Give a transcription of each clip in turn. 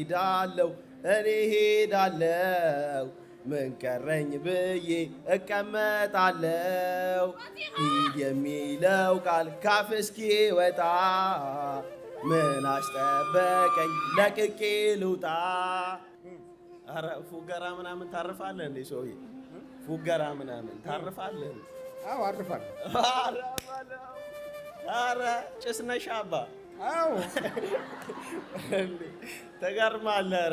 ሄዳለሁ እኔ ሄዳለሁ ምን ቀረኝ ብዬ እቀመጣለሁ። ሂድ የሚለው ቃል ካፍ ወጣ ምን አስጠበቀኝ ለቅቄ ልውጣ። አረ ፉገራ ምናምን ታርፋለህ እንዴ ሰውዬ? ፉገራ ምናምን ታርፋለህ? አዎ አርፋለሁ። አረ ጭስ ነሽ አባ አዎ ተገርማለህ።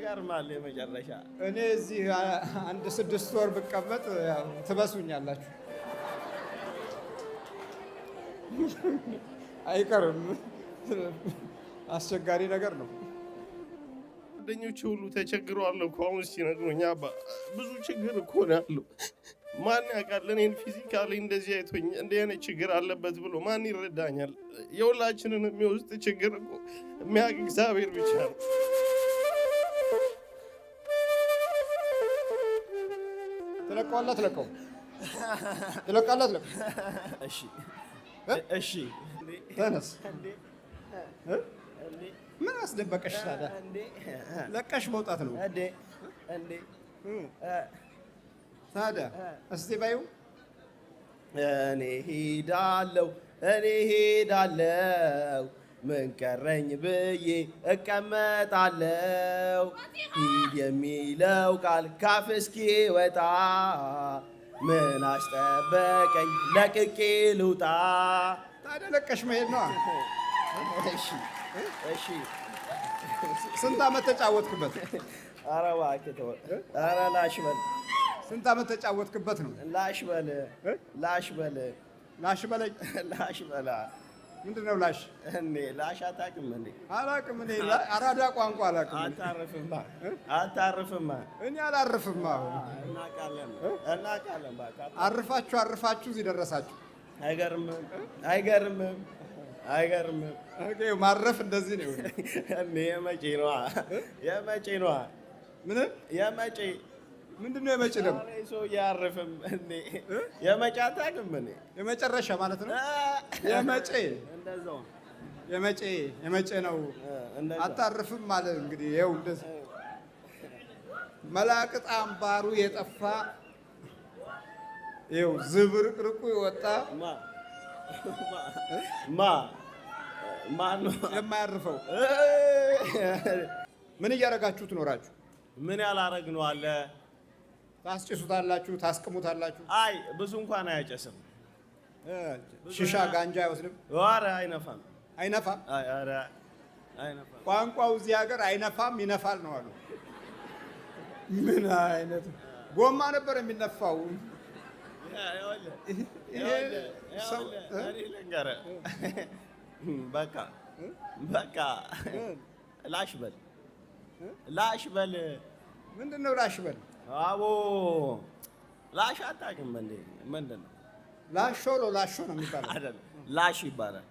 ኧረ የመጨረሻ እኔ እዚህ አንድ ስድስት ወር ብቀመጥ ትበሱኛላችሁ፣ አይቀርም። አስቸጋሪ ነገር ነው። ጓደኞች ሁሉ ተቸግረዋለሁ እኮ አሁን ሲነግሩኝ፣ አባ ብዙ ችግር እኮ ነው ያለው። ማን ያውቃል? እኔን ፊዚካሊ እንደዚህ አይቶኝ እንደ አይነት ችግር አለበት ብሎ ማን ይረዳኛል? የሁላችንን የሚወስድ ችግር እኮ የሚያውቅ እግዚአብሔር ብቻ ነው። ትለቀዋለህ? አትለቀውም? ትለቀዋለህ? አትለቀውም? እሺ፣ እሺ፣ ተነስ ምን አስደበቀሽ ታዲያ? ለቀሽ መውጣት ነው ታዲያ? እስቲ በይው። እኔ ሄዳለሁ፣ እኔ ሄዳለሁ፣ ምን ቀረኝ ብዬ እቀመጣለሁ። ሂድ የሚለው ቃል ካፍ ወጣ ምን አስጠበቀኝ ለቅቄ ልውጣ። ታዲያ ለቀሽ መሄድ ነው። እሺ ስንት ዓመት ተጫወትክበት? ኧረ እባክህ ተወው። ኧረ ላሽ በል። ስንት ዓመት ተጫወትክበት ነው? ላሽ በል ላሽ በል ላሽ በለኝ ላሽ በላ ምንድን ነው ላሽ? እኔ ላሽ አታውቅም። እኔ አላውቅም። እኔ አራዳ ቋንቋ አላውቅም። አታርፍማ አታርፍማ። እኔ አላርፍማ። እናውቃለን እናውቃለን። እባክህ አርፋችሁ አርፋችሁ እዚህ ደረሳችሁ። አይገርምም አይገርምም። አይገርም። ማረፍ እንደዚህ ነው። የመጪ ነዋ የመጪ ነዋ። ምን የመጪ ምንድን ነው የመጪ ደግሞ? ሰውዬ አያርፍም። የመጪ አታውቅም። እኔ የመጨረሻ ማለት ነው። የመጪ የመጪ የመጪ ነው። አታርፍም ማለት እንግዲህ ይኸው እንደዚህ መላቅጥ አምባሩ የጠፋ ይኸው ዝብርቅርቁ የወጣ ማ ማን የማያርፈው? ምን እያደረጋችሁ ትኖራችሁ? ምን ያላረግ ነው አለ። ታስጭሱታላችሁ፣ ታስቅሙታላችሁ። አይ ብዙ እንኳን አያጨስም። ሽሻ ጋንጃ አይወስድም። ኧረ አይነፋም፣ አይነፋም፣ አይነፋም። ቋንቋው እዚህ ሀገር አይነፋም ይነፋል ነው አሉ። ምን አይነት ጎማ ነበር የሚነፋው? ልንገርህ በቃ በቃ ላሽ በል ላሽ በል። ምንድን ነው ላሽ በል? አቦ ላሽ አታውቅም እንዴ? ምንድን ነው ላሽ? ሾሎ ላሽ ነው የሚባለው ላሽ ይባላል።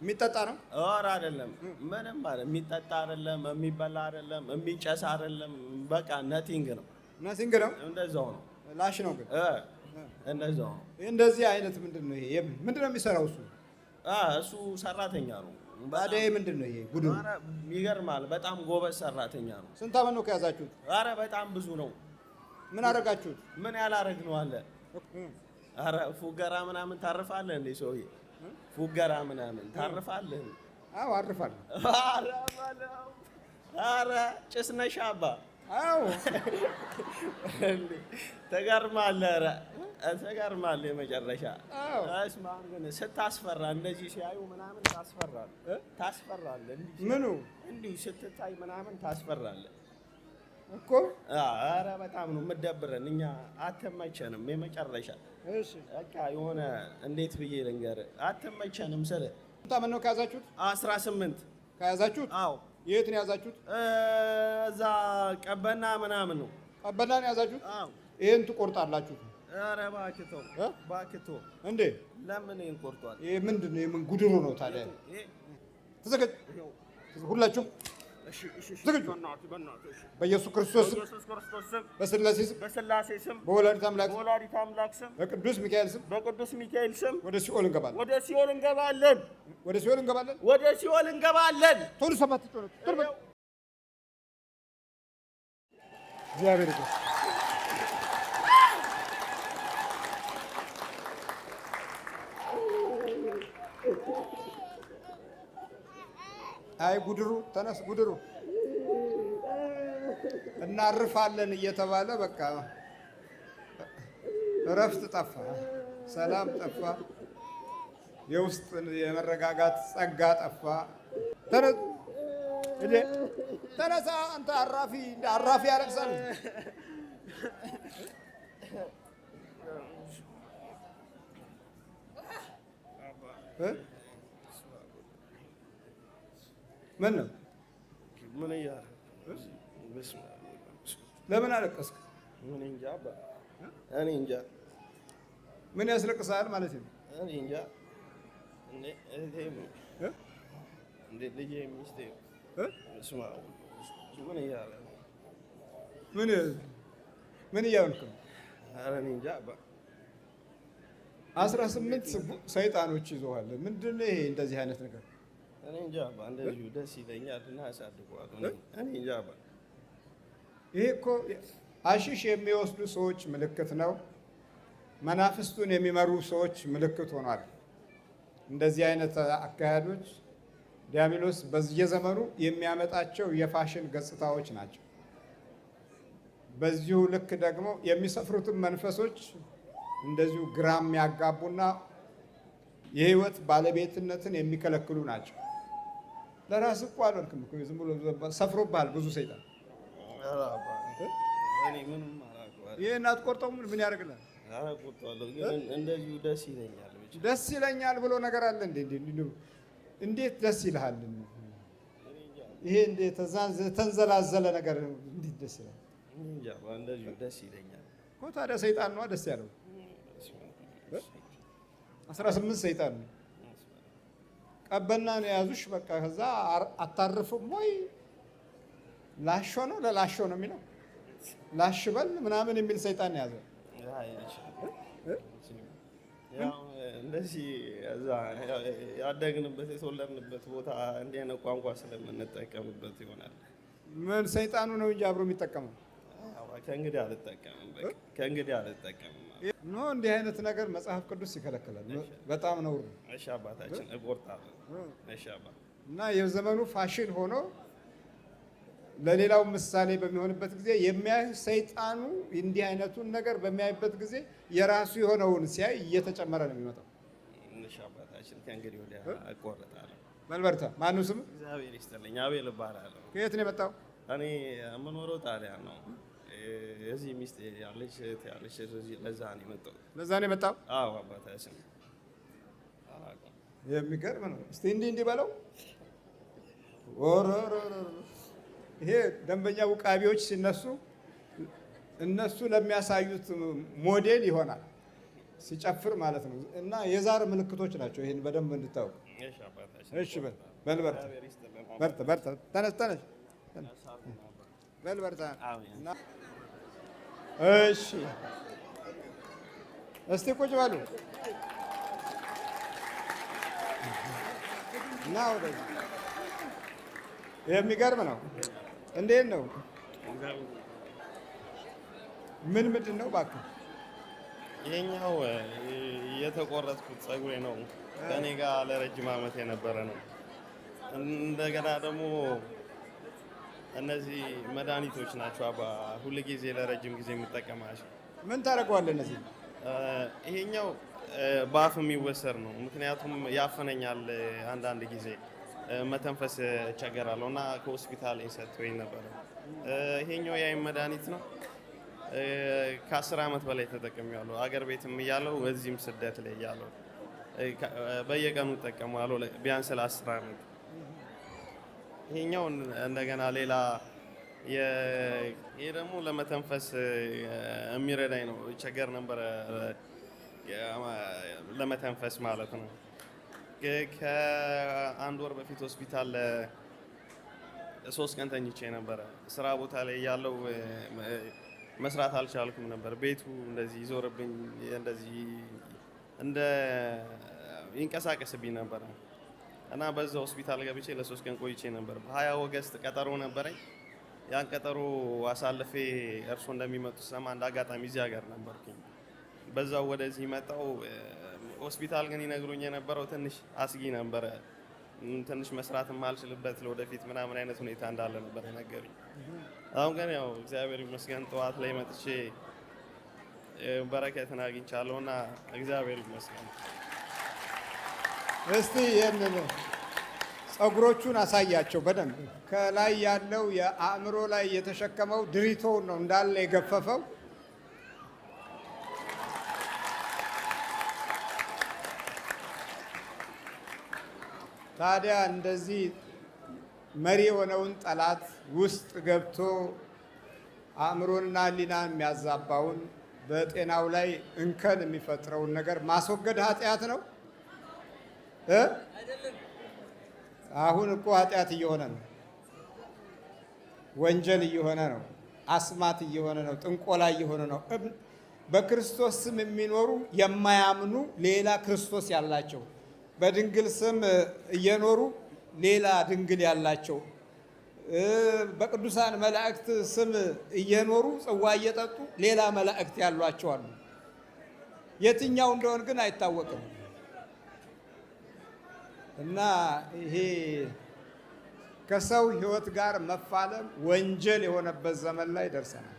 የሚጠጣ ነው? ኧረ አይደለም፣ ምንም አይደለም። የሚጠጣ አይደለም፣ የሚበላ አይደለም፣ የሚጨስ አይደለም። በቃ ነቲንግ ነው። ነቲንግ ነው፣ እንደዛው ነው። ላሽ ነው ግን እንደዛው እንደዚህ አይነት ምንድን ነው ይሄ? ምንድን ነው የሚሰራው እሱ? እሱ ሰራተኛ ነው። ታዲያ ምንድን ነው ይሄ ቡድኑ? ይገርማል። በጣም ጎበዝ ሰራተኛ ነው። ስንት ዓመት ነው ከያዛችሁት? አረ በጣም ብዙ ነው። ምን አደረጋችሁት? ምን ያላረግ ነው አለ። አረ ፉገራ ምናምን ታርፋለህ እንዴ ሰውዬ? ፉገራ ምናምን ታርፋለህ? አዎ አርፋለሁ። አረ ጭስ ነሽ አባ አዎ ተገርማለህ። ኧረ ተገርማለህ። የመጨረሻ ስታስፈራ እንደዚህ ሲያዩ ምናምን ታስፈራለህ ታስፈራለህ። ምኑ እንዲሁ ስትታይ ምናምን ታስፈራለህ እኮ። ኧረ በጣም ነው የምትደብረን። እኛ አትመቸንም። የመጨረሻ በቃ የሆነ እንዴት ብዬ ልንገርህ፣ አትመቸንም ስልህ ምነው ከያዛችሁት አስራ ስምንት ከያዛችሁት አዎ የት ነው ያዛችሁት? እዛ ቀበና ምናምን ነው። ቀበና ነው ያዛችሁት? አዎ። ይሄን ትቆርጣላችሁ? ኧረ እባክህ ተው፣ እባክህ ተው። እንዴ ለምን ይሄን ቆርጧል? ይሄ ምንድን ነው? የምን ጉድሩ ነው ታዲያ? ተዘጋጅ ሁላችሁም በኢየሱስ ክርስቶስ ስም በስላሴ ስም በስላሴ ስም በወላዲት አምላክ አምላክ ስም በቅዱስ ሚካኤል ስም በቅዱስ ሚካኤል ስም ወደ ሲኦል እንገባለን ወደ ሲኦል እንገባለን ወደ ሲኦል እንገባለን ወደ ሲኦል እንገባለን። ቶሎ ቶሎ ቶሎ እግዚአብሔር ይመስገን። አይ ጉድሩ ተነስ ጉድሩ እናርፋለን እየተባለ በቃ እረፍት ጠፋ፣ ሰላም ጠፋ፣ የውስጥ የመረጋጋት ጸጋ ጠፋ። ተነሳ አንተ አራፊ እንደ አራፊ ያለቅሳል። ምን ነው ምን ለምን አለቀስክ? እኔ እንጃ። ምን ያስለቅሳል ማለት ነው? እኔ እንጃ። ምን እያልክ ነው? አስራ ስምንት ሰይጣኖች ይዘዋል። ምንድን ነው ይሄ እንደዚህ አይነት ነገር? እኔ እንጃ እንደዚሁ ደስ ይለኛል እና ያሳድገዋል። እኔ እንጃ ይህ እኮ አሽሽ የሚወስዱ ሰዎች ምልክት ነው። መናፍስቱን የሚመሩ ሰዎች ምልክት ሆኗል። እንደዚህ አይነት አካሄዶች ዲያብሎስ በየዘመኑ የሚያመጣቸው የፋሽን ገጽታዎች ናቸው። በዚሁ ልክ ደግሞ የሚሰፍሩትን መንፈሶች እንደዚሁ ግራ የሚያጋቡና የህይወት ባለቤትነትን የሚከለክሉ ናቸው። ለራስ እኮ አልወልክም እኮ ዝም ብሎ ሰፍሮብሃል ብዙ ሰይጣን። ይህ እናት ቆርጠው ምን ያደርግልሃል? ደስ ይለኛል ብሎ ነገር አለ። እንዴ? እንዴት ደስ ይልሃል? ይሄ ተንዘላዘለ ነገር እንዴት ደስ ይላል? ደስ ይለኛል እኮ ታዲያ ሰይጣን ነዋ ደስ ያለው። አስራ ስምንት ሰይጣን ነው ቀበና ነው የያዙሽ። በቃ ከዛ አታርፍም ወይ ላሾ ነው ለላሾ ነው የሚለው ላሽበል ምናምን የሚል ሰይጣን ያዘ። እንደዚህ ያደግንበት የተወለድንበት ቦታ እንዲህ ዓይነት ቋንቋ ስለምንጠቀምበት ይሆናል። ምን ሰይጣኑ ነው እንጂ አብሮ የሚጠቀመው። ከእንግዲህ አልጠቀምም፣ ከእንግዲህ አልጠቀምም ኖ እንዲህ አይነት ነገር መጽሐፍ ቅዱስ ይከለክላል። በጣም ነው። እና የዘመኑ ፋሽን ሆኖ ለሌላው ምሳሌ በሚሆንበት ጊዜ የሚያይ ሰይጣኑ እንዲህ አይነቱን ነገር በሚያይበት ጊዜ የራሱ የሆነውን ሲያይ እየተጨመረ ነው የሚመጣው። እሺ መልበርታ ስም? ከየት ነው የመጣው? እኔ የምኖረው ጣሊያን ነው። እዚህ ሚስቴ ያለች ያለች ለዛ ነው የመጣው። ለዛ ነው የመጣው። አዎ አባታችን የሚገርም ነው። እስቲ እንዲህ እንዲህ በለው። ይሄ ደንበኛ ውቃቢዎች ሲነሱ እነሱ ለሚያሳዩት ሞዴል ይሆናል ሲጨፍር ማለት ነው። እና የዛር ምልክቶች ናቸው። ይህን በደንብ እንድታውቅ። እሺ በል በል በርታ በርታ ተነስ ተነስ በል በርታ እሺ፣ እስቲ ቁጭ በሉ እና የሚገርም ነው። እንዴት ነው? ምን ምንድን ነው እባክህ? ይሄኛው የተቆረጥኩት ፀጉሬ ነው። ከኔ ጋር ለረጅም ዓመት የነበረ ነው። እንደገና ደግሞ እነዚህ መድኃኒቶች ናቸው። አባ ሁል ጊዜ ለረጅም ጊዜ የምጠቀማቸው ምን ታደርገዋለህ? እነዚህ ይሄኛው በአፍ የሚወሰድ ነው። ምክንያቱም ያፈነኛል፣ አንዳንድ ጊዜ መተንፈስ እቸገራለሁ እና ከሆስፒታል ሰጥቶኝ ነበረ። ይሄኛው የአይን መድኃኒት ነው። ከአስር ዓመት በላይ ተጠቅሜያለሁ። አገር ቤትም እያለሁ በዚህም ስደት ላይ እያለሁ በየቀኑ እጠቀማለሁ ቢያንስ ለአስር ዓመት ይሄኛውን እንደገና ሌላ ይሄ ደግሞ ለመተንፈስ የሚረዳኝ ነው። ቸገር ነበረ ለመተንፈስ ማለት ነው። ከአንድ ወር በፊት ሆስፒታል ሶስት ቀን ተኝቼ ነበረ። ስራ ቦታ ላይ ያለው መስራት አልቻልኩም ነበር። ቤቱ እንደዚህ ይዞርብኝ እንደዚህ እንደ ይንቀሳቀስብኝ ነበረ። እና በዛ ሆስፒታል ገብቼ ለሶስት ቀን ቆይቼ ነበር። በሀያ ኦገስት ቀጠሮ ነበረኝ። ያን ቀጠሮ አሳልፌ እርሶ እንደሚመጡ ስሰማ አንድ አጋጣሚ እዚህ ሀገር ነበርኩኝ። በዛው ወደዚህ መጣው። ሆስፒታል ግን ይነግሩኝ የነበረው ትንሽ አስጊ ነበረ። ትንሽ መስራት የማልችልበት ለወደፊት ምናምን አይነት ሁኔታ እንዳለ ነበር የነገሩኝ። አሁን ግን ያው እግዚአብሔር ይመስገን ጠዋት ላይ መጥቼ በረከትን አግኝቻለሁ እና እግዚአብሔር ይመስገን። እስቲ ይህንን ጸጉሮቹን አሳያቸው በደንብ ከላይ ያለው የአእምሮ ላይ የተሸከመው ድሪቶውን ነው እንዳለ የገፈፈው። ታዲያ እንደዚህ መሪ የሆነውን ጠላት ውስጥ ገብቶ አእምሮንና ሕሊናን የሚያዛባውን በጤናው ላይ እንከን የሚፈጥረውን ነገር ማስወገድ ኃጢአት ነው። አሁን እኮ ኃጢአት እየሆነ ነው፣ ወንጀል እየሆነ ነው፣ አስማት እየሆነ ነው፣ ጥንቆላ እየሆነ ነው። በክርስቶስ ስም የሚኖሩ የማያምኑ ሌላ ክርስቶስ ያላቸው፣ በድንግል ስም እየኖሩ ሌላ ድንግል ያላቸው፣ በቅዱሳን መላእክት ስም እየኖሩ ጽዋ እየጠጡ ሌላ መላእክት ያሏቸው አሉ። የትኛው እንደሆን ግን አይታወቅም። እና ይሄ ከሰው ህይወት ጋር መፋለም ወንጀል የሆነበት ዘመን ላይ ደርሰናል።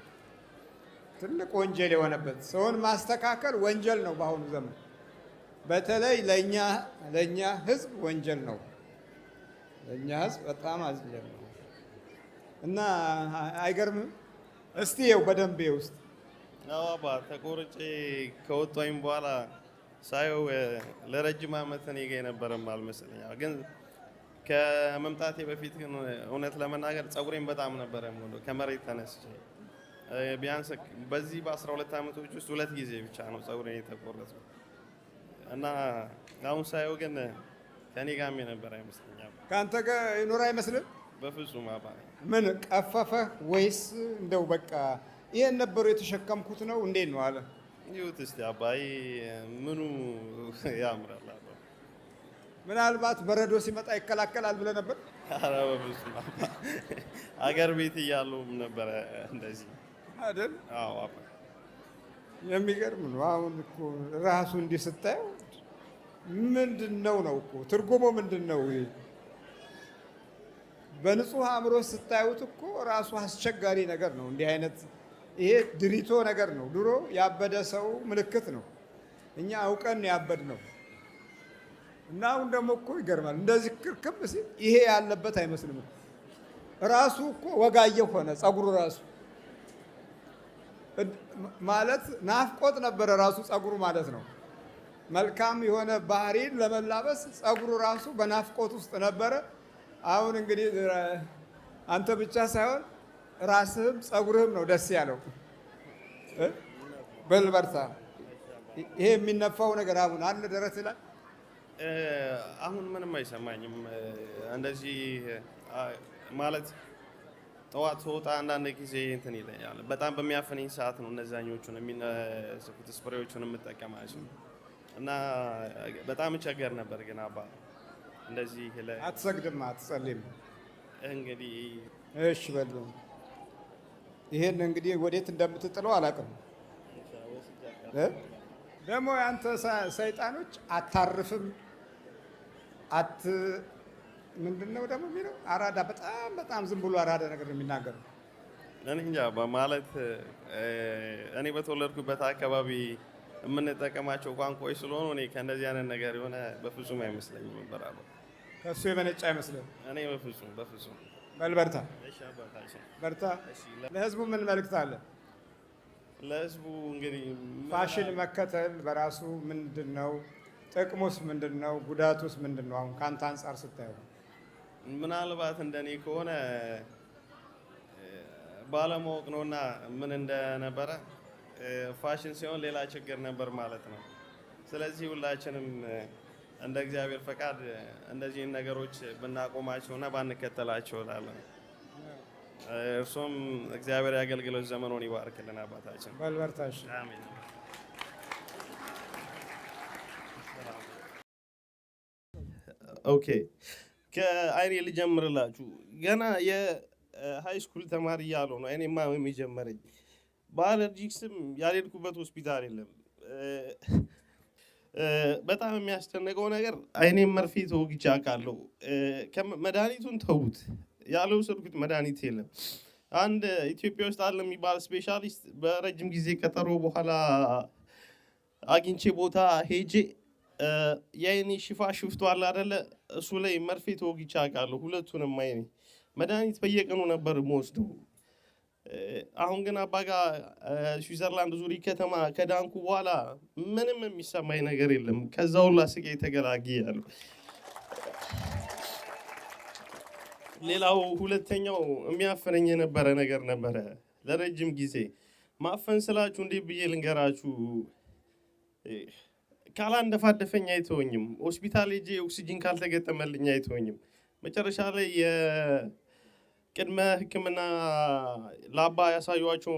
ትልቅ ወንጀል የሆነበት ሰውን ማስተካከል ወንጀል ነው። በአሁኑ ዘመን በተለይ ለእኛ ለእኛ ህዝብ ወንጀል ነው። ለእኛ ህዝብ በጣም ወንጀል ነው እና አይገርምም። እስቲ ይኸው በደንብ ውስጥ ተቆርጬ ከወጣኝ በኋላ ሳየው ለረጅም አመት እኔ ጋ የነበረም አልመሰለኛል። ግን ከመምጣቴ በፊት ግን እውነት ለመናገር ጸጉሬን በጣም ነበረ ሙሉ ከመሬት ተነስቼ ቢያንስ በዚህ በ12 አመቶች ውስጥ ሁለት ጊዜ ብቻ ነው ጸጉሬን የተቆረጠው እና አሁን ሳየው ግን ከኔ ጋም የነበረ አይመስለኛም። ከአንተ ጋር ይኖር አይመስልም በፍጹም አባ። ምን ቀፈፈህ ወይስ እንደው በቃ ይሄን ነበሩ የተሸከምኩት ነው እንዴት ነው አለ ይሁት እስቲ አባይ ምኑ ያምራል። ምናልባት በረዶ ሲመጣ ይከላከላል ብለህ ነበር? ኧረ በፍፁም አገር ቤት እያለሁም ነበረ እንደዚህ አይደል? አዎ አባ የሚገርም ነው። አሁን እኮ ራሱ እንዲህ ስታየው ምንድን ነው ነው እኮ ትርጉሙ ምንድን ነው? በንጹህ አእምሮ ስታዩት እኮ ራሱ አስቸጋሪ ነገር ነው እንዲህ አይነት ይሄ ድሪቶ ነገር ነው። ድሮ ያበደ ሰው ምልክት ነው። እኛ አውቀን ያበድ ነው እና አሁን ደግሞ እኮ ይገርማል። እንደዚህ ክርክም ሲል ይሄ ያለበት አይመስልም። ራሱ እኮ ወጋየሁ ሆነ ጸጉሩ ራሱ ማለት ናፍቆት ነበረ ራሱ ጸጉሩ ማለት ነው። መልካም የሆነ ባህሪን ለመላበስ ፀጉሩ ራሱ በናፍቆት ውስጥ ነበረ። አሁን እንግዲህ አንተ ብቻ ሳይሆን ራስህም ጸጉርህም ነው ደስ ያለው። በል በርታ። ይሄ የሚነፋው ነገር አሁን አለ ደረስ ላይ አሁን ምንም አይሰማኝም። እንደዚህ ማለት ጠዋት ስወጣ አንዳንድ ጊዜ እንትን ይለኛል። በጣም በሚያፈነኝ ሰዓት ነው እነዛኞቹን የሚነስኩት ስፕሬዎቹን የምጠቀማቸው እና በጣም እቸገር ነበር። ግን አባ እንደዚህ አትሰግድም፣ አትጸልይም እንግዲህ እሺ በሉ ይሄን እንግዲህ ወዴት እንደምትጥለው አላውቅም። ደግሞ ያንተ ሰይጣኖች አታርፍም አት ምንድን ነው ደግሞ የሚለው አራዳ በጣም በጣም ዝም ብሎ አራዳ ነገር ነው የሚናገረው። እንጃ በማለት እኔ በተወለድኩበት አካባቢ የምንጠቀማቸው ቋንቋዎች ስለሆኑ እኔ ከእንደዚህ አይነት ነገር የሆነ በፍጹም አይመስለኝም። በራሉ ከእሱ የመነጫ አይመስለኝ እኔ በፍጹም በፍጹም በልበርታ በርታ። ለህዝቡ ምን መልእክት አለ? ለህዝቡ እንግዲህ ፋሽን መከተል በራሱ ምንድን ነው? ጥቅሙስ ምንድን ነው? ጉዳቱስ ምንድን ነው? አሁን ከአንተ አንጻር ስታየው ምናልባት እንደኔ ከሆነ ባለማወቅ ነው እና ምን እንደነበረ ፋሽን ሲሆን ሌላ ችግር ነበር ማለት ነው። ስለዚህ ሁላችንም እንደ እግዚአብሔር ፈቃድ እነዚህን ነገሮች ብናቆማቸውና ባንከተላቸው እላለሁ። እርሱም እግዚአብሔር ያገልግሎች ዘመኑን ይባርክልን። አባታችን በልበርታሽ አሜን። ኦኬ ከአይኔ ልጀምርላችሁ። ገና የሃይ ስኩል ተማሪ እያለሁ ነው አይኔ ማመም የጀመረኝ። በአለርጂክስም ያልሄድኩበት ሆስፒታል የለም። በጣም የሚያስጨንቀው ነገር አይኔም መርፌ ተወግቼ አውቃለሁ። መድኃኒቱን ተዉት ያለው ስልኩት መድኃኒት የለም። አንድ ኢትዮጵያ ውስጥ አለ የሚባል ስፔሻሊስት በረጅም ጊዜ ቀጠሮ በኋላ አግኝቼ ቦታ ሄጄ የአይኔ ሽፋ ሽፍቶ አለ አደለ፣ እሱ ላይ መርፌ ተወግቼ አውቃለሁ። ሁለቱንም አይኔ መድኃኒት በየቀኑ ነበር መወስደው አሁን ግን አባ ጋ ስዊዘርላንድ ዙሪ ከተማ ከዳንኩ በኋላ ምንም የሚሰማኝ ነገር የለም። ከዛ ሁላ የተገላጊ ያሉ ሌላው ሁለተኛው የሚያፍነኝ የነበረ ነገር ነበረ ለረጅም ጊዜ ማፈን ስላችሁ እንዴ ብዬ ልንገራችሁ። ካላንደፋደፈኝ አይተወኝም። ሆስፒታል ሄጄ ኦክሲጂን ካልተገጠመልኝ አይተወኝም። መጨረሻ ላይ ቅድመ ሕክምና ላባ ያሳዩቸው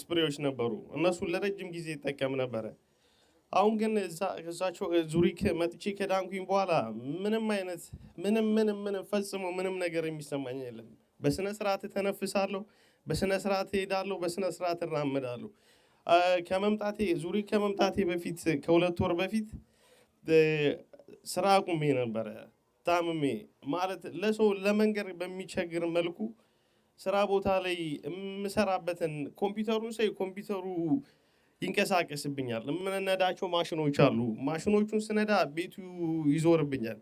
ስፕሬዎች ነበሩ። እነሱን ለረጅም ጊዜ ይጠቀም ነበረ። አሁን ግን እዛቸው ዙሪክ መጥቼ ከዳንኩኝ በኋላ ምንም አይነት ምንም ምንም ምንም ፈጽሞ ምንም ነገር የሚሰማኝ የለም። በስነ ስርዓት ተነፍሳለሁ፣ በስነ ስርዓት እሄዳለሁ፣ በስነ ስርዓት እራመዳለሁ። ከመምጣቴ ዙሪክ ከመምጣቴ በፊት ከሁለት ወር በፊት ስራ አቁሜ ነበረ። ታምሜ ማለት ለሰው ለመንገር በሚቸግር መልኩ ስራ ቦታ ላይ የምሰራበትን ኮምፒውተሩን ሰይ ኮምፒውተሩ ይንቀሳቀስብኛል። የምንነዳቸው ማሽኖች አሉ። ማሽኖቹን ስነዳ ቤቱ ይዞርብኛል።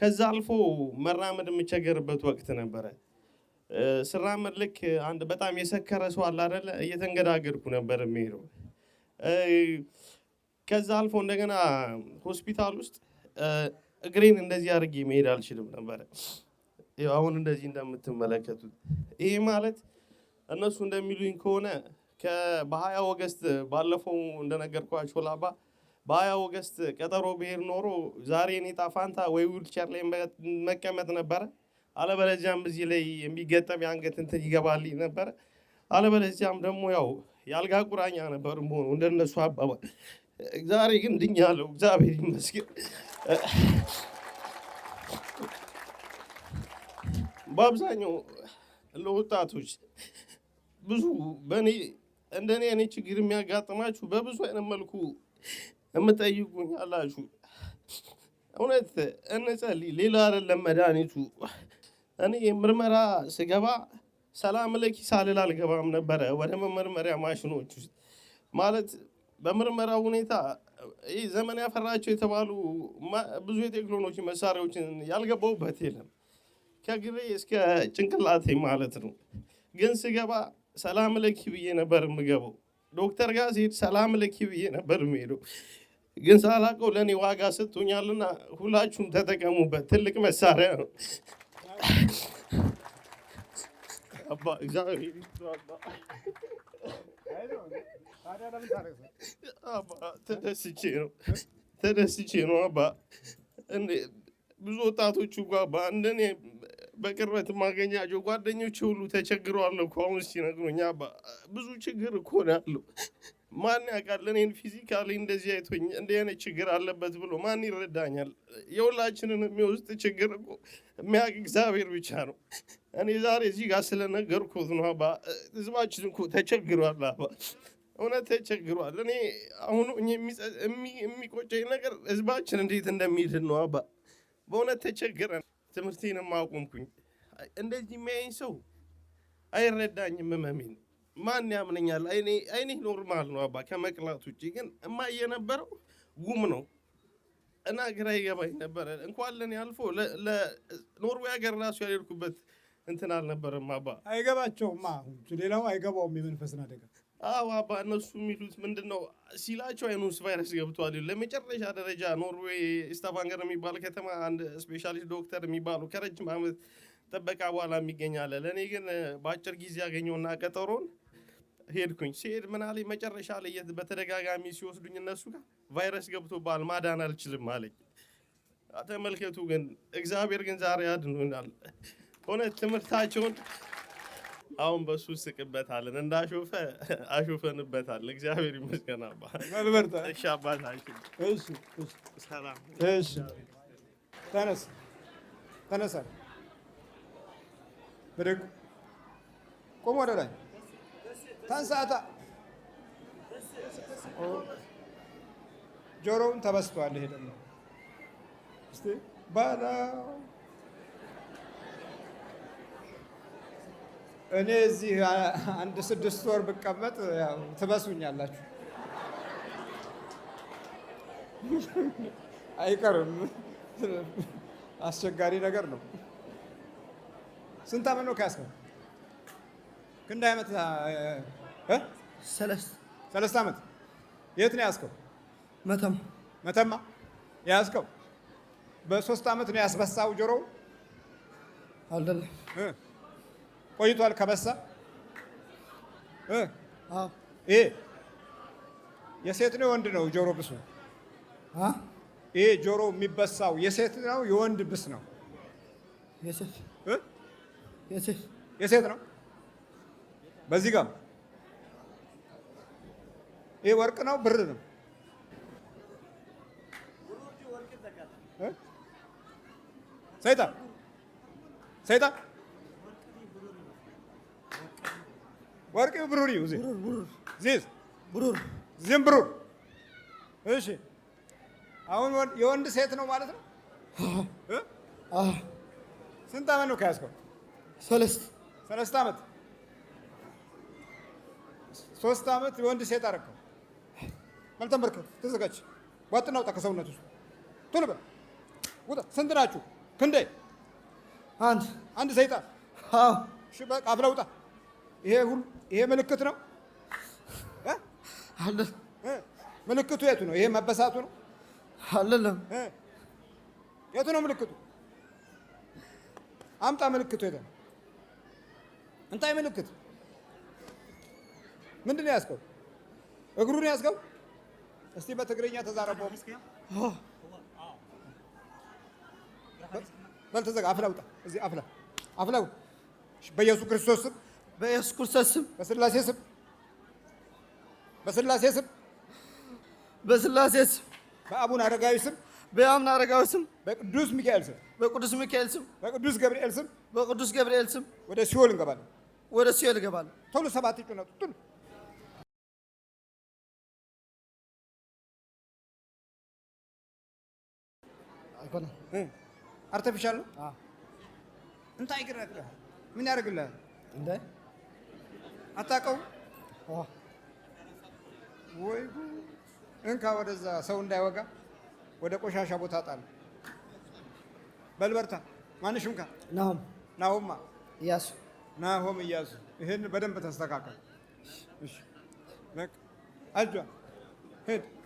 ከዛ አልፎ መራመድ የምቸገርበት ወቅት ነበረ። ስራመድ ልክ አንድ በጣም የሰከረ ሰው አለ አይደለ? እየተንገዳገድኩ ነበር የሚሄደው። ከዛ አልፎ እንደገና ሆስፒታል ውስጥ እግሬን እንደዚህ አድርጌ መሄድ አልችልም ነበረ። አሁን እንደዚህ እንደምትመለከቱት ይሄ ማለት እነሱ እንደሚሉኝ ከሆነ በሀያ ኦገስት ባለፈው እንደነገርኳቸው ላባ በሀያ ኦገስት ቀጠሮ ብሄድ ኖሮ ዛሬ እኔ ጣፋንታ ወይ ዊልቸር ላይ መቀመጥ ነበረ፣ አለበለዚያም እዚህ ላይ የሚገጠም የአንገት እንትን ይገባልኝ ነበረ። አለበለዚያም ደግሞ ያው የአልጋ ቁራኛ ነበር መሆኑ እንደነሱ አባባል። ዛሬ ግን ድኛለሁ፣ እግዚአብሔር ይመስገን። በአብዛኛው ለወጣቶች ብዙ በእኔ እንደ እኔ እኔ ችግር የሚያጋጥማችሁ በብዙ አይነት መልኩ የምጠይቁኝ አላችሁ። እውነት እንጸልይ፣ ሌላ አይደለም መድኃኒቱ። እኔ ምርመራ ስገባ ሰላም ለኪ ሳልል አልገባም ነበረ ወደ መመርመሪያ ማሽኖች ውስጥ ማለት በምርመራ ሁኔታ ይህ ዘመን ያፈራቸው የተባሉ ብዙ የቴክኖሎጂ መሳሪያዎችን ያልገባውበት የለም ከግሬ እስከ ጭንቅላቴ ማለት ነው። ግን ስገባ ሰላም ለኪ ብዬ ነበር የምገባው። ዶክተር ጋር ሲሄድ ሰላም ለኪ ብዬ ነበር የምሄደው። ግን ሳላውቀው ለእኔ ዋጋ ሰጥቶኛልና ሁላችሁም ተጠቀሙበት። ትልቅ መሳሪያ ነው። አባ እግዚአብሔር ተደስቼ ነው ተደስቼ ነው አባ። ብዙ ወጣቶች እኮ አባ እንደኔ በቅርበት የማገኛቸው ጓደኞች ሁሉ ተቸግረዋል እኮ አሁን ሲነግሩኝ አባ። ብዙ ችግር እኮ ነው ያለው። ማን ያውቃል? እኔን ፊዚካሊ እንደዚህ አይቶኝ እንዲህ አይነት ችግር አለበት ብሎ ማን ይረዳኛል? የሁላችንን የሚወስድ ችግር እኮ የሚያውቅ እግዚአብሔር ብቻ ነው። እኔ ዛሬ እዚህ ጋር ስለነገርኩት ነው አባ። ህዝባችን እኮ ተቸግሯል አባ። እውነት ተቸግሯል። እኔ አሁኑ የሚቆጨኝ ነገር ህዝባችን እንዴት እንደሚድን ነው። አባ በእውነት ተቸግረን ትምህርቴንም አቆምኩኝ። እንደዚህ የሚያይኝ ሰው አይረዳኝም። እመሜን ማን ያምነኛል? አይኔ ኖርማል ነው አባ ከመቅላት ውጭ ግን እማዬ ነበረው ጉም ነው እና ግራ ይገባኝ ነበረ። እንኳን ለኔ አልፎ ለኖርዌይ ሀገር ራሱ ያልሄድኩበት እንትን አልነበረም አባ። አይገባቸውማ ሌላው አይገባውም የመንፈስን አደጋ አዎ አባ እነሱ የሚሉት ምንድን ነው ሲላቸው አይኑ ቫይረስ ገብቷል። ለመጨረሻ ደረጃ ኖርዌይ ስታቫንገር የሚባል ከተማ አንድ ስፔሻሊስት ዶክተር የሚባሉ ከረጅም ዓመት ጥበቃ በኋላ የሚገኛለ ለእኔ ግን በአጭር ጊዜ ያገኘውና ቀጠሮን ሄድኩኝ። ሲሄድ ምናለኝ መጨረሻ ላይ በተደጋጋሚ ሲወስዱኝ እነሱ ጋር ቫይረስ ገብቶባል ማዳን አልችልም አለኝ። ተመልከቱ ግን እግዚአብሔር ግን ዛሬ አድኖናል። እውነት ትምህርታቸውን አሁን በሱ ስቅበታለን እንዳሾፈ አሾፈንበታል። እግዚአብሔር ይመስገን አባ ተነስ ተነሳ ብድግ ቁም ወደ ላይ ተንሳታ ጆሮውን ተበስቷል። ይሄ ደግሞ እስቲ እኔ እዚህ አንድ ስድስት ወር ብቀመጥ ትበሱኛላችሁ፣ አይቀርም። አስቸጋሪ ነገር ነው። ስንት ዓመት ነው ከያዝከው? ክንድ ዓመት ሰለስት ዓመት። የት ነው ያዝከው? መተማ መተማ የያዝከው? በሶስት ዓመት ነው ያስበሳው ጆሮው አይደለም ቆይቷል ከበሳ እ የሴት ነው የወንድ ነው? ጆሮ ብሱ እ ጆሮ የሚበሳው የሴት ነው የወንድ ብስ ነው? የሴት ነው። በዚህ ጋር ይሄ ወርቅ ነው ብር ነው? ሰይጣን ሰይጣን ወርቅ ብሩር እዩ ዚዝ ብሩር ዝም ብሩር። እሺ አሁን የወንድ ሴት ነው ማለት ነው። ስንት አመት ነው ከያዝከው? ሰለስት ሰለስት አመት ሶስት አመት የወንድ ሴት አደረገው። መልተን በርከት ተዘጋጅ። ዋጥና ውጣ ከሰውነት ውስጥ ቶሎ በል ውጣ። ስንት ናችሁ ክንዴ? አንድ አንድ ሰይጣን አዎ። እሺ በቃ ብለህ ውጣ ይሄ ሁሉ ይሄ ምልክት ነው። ምልክቱ የቱ ነው? ይሄ መበሳቱ ነው አይደለም? የቱ ነው ምልክቱ? አምጣ ምልክቱ የቱ ነው? እንታይ ምልክት ምንድን ነው ያዝከው? እግሩን ያዝከው? እስቲ በትግርኛ ተዛረበው በል ተዘጋ። አፍላውጣ እዚህ አፍላ አፍላው በኢየሱስ ክርስቶስ በኢየሱስ ክርስቶስ ስም በስላሴ ስም በስላሴ ስም በስላሴ ስም በአቡነ አረጋዊ ስም በአቡነ አረጋዊ ስም በቅዱስ ሚካኤል ስም በቅዱስ ሚካኤል ስም በቅዱስ ገብርኤል ስም በቅዱስ ገብርኤል ስም ወደ ሲኦል እንገባለን። ወደ ሲኦል እንገባለን። ቶሎ ሰባት ጩና ቶሎ አርቲፊሻል ነው። ምን ያደርግልሃል? አታውቀውም? ወይ እንካ፣ ወደዛ ሰው እንዳይወጋ ወደ ቆሻሻ ቦታ ጣል። በልበርታ ማንሽ እንካ። ናሁም ናሁማ እያሱ ናሆም እያሱ። ይህን በደንብ ተስተካከል። እሺ አጇ ሄድ